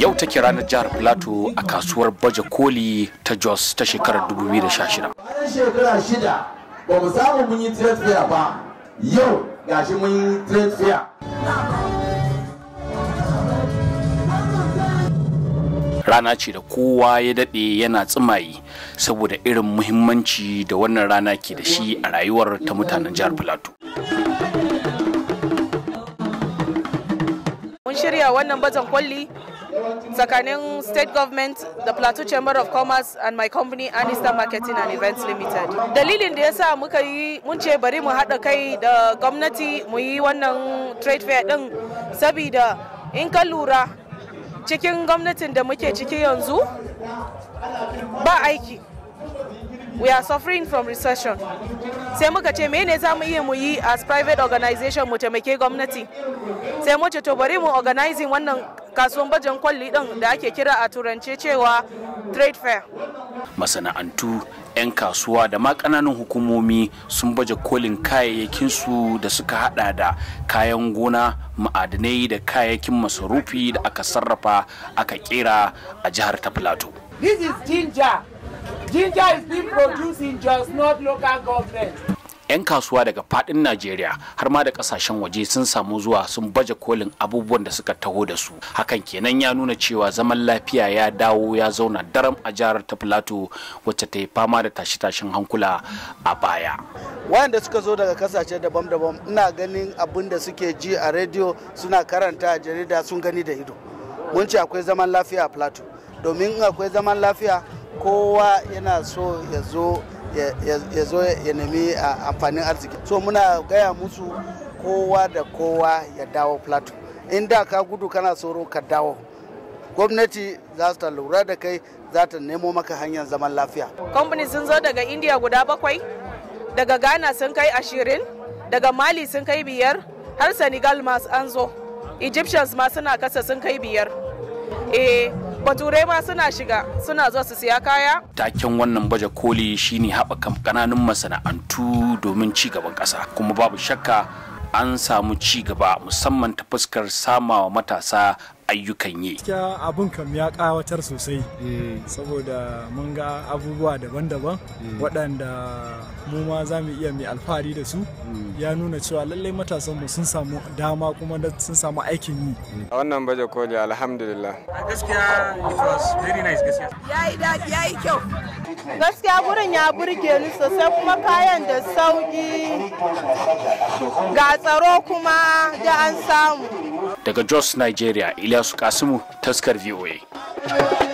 yau take ranar jihar plateau a kasuwar baje koli ta jos ta shekarar 2016 rana ce da kowa ya daɗe yana tsimayi saboda irin muhimmanci da wannan rana ke da shi a rayuwar ta mutanen jihar plateau shirya wannan bazan kwalli tsakanin state government the plateau chamber of commerce and my company anista marketing and events limited dalilin da ya sa muka yi mun ce bari mu haɗa kai da gwamnati mu yi wannan trade fair ɗin sabida in ka lura cikin gwamnatin da muke ciki yanzu ba aiki we are suffering from recession sai muka ce mene za mu iya mu yi as private organization mu taimake gwamnati sai mu ce to bari mu organizing wannan kasuwan bajan kwalli din da ake kira a turance cewa trade fair masana'antu 'yan kasuwa da ma kananan hukumomi sun baje kolin kayayyakin su da suka hada da kayan gona ma'adanai da kayayyakin masarufi da aka sarrafa aka kera a jihar ta plateau this is ginger Ginger is being produced in just North local government. 'Yan kasuwa daga fadin Najeriya har ma da kasashen waje sun samu zuwa sun baje kolin abubuwan da suka taho da su. Hakan kenan ya nuna cewa zaman lafiya ya dawo ya zauna daram a jihar ta Filato wacce ta yi fama da tashe-tashen hankula a baya. Wanda suka zo daga kasashe daban-daban ina ganin abin da suke ji a rediyo suna karanta a jarida sun gani da ido. Mun ce akwai zaman lafiya a Filato domin akwai zaman lafiya kowa yana so ya zo ya zo ya nemi amfanin arziki so muna gaya musu kowa da kowa ya dawo plateau in da ka gudu kana tsoro ka dawo gwamnati za ta lura da kai za ta nemo maka hanyar zaman lafiya kamfani sun zo daga india guda bakwai daga ghana sun kai ashirin daga mali sun kai biyar har senegal masu an zo egyptians ma suna kasa sun kai biyar eh bature ma suna shiga suna zuwa su siya kaya taken wannan baje koli shine haɓaka kananun masana'antu domin ci gaban ƙasa kuma babu shakka an samu ci gaba musamman ta fuskar samawa matasa ayyukan yi. Gaskiya abun kam ya kawatar sosai mm. saboda mun ga abubuwa daban-daban mm. waɗanda mu ma za mu iya mai alfahari da su mm. ya nuna cewa lallai matasan mu sun samu dama kuma sun samu aikin yi. A wannan baje koli alhamdulillah. Gaskiya it was very nice gaskiya. Ya daɗi yayi kyau. gaskiya gurin ya burge ni sosai kuma kayan da sauki ga tsaro kuma da an samu daga jos nigeria ilyasu kasimu taskar voa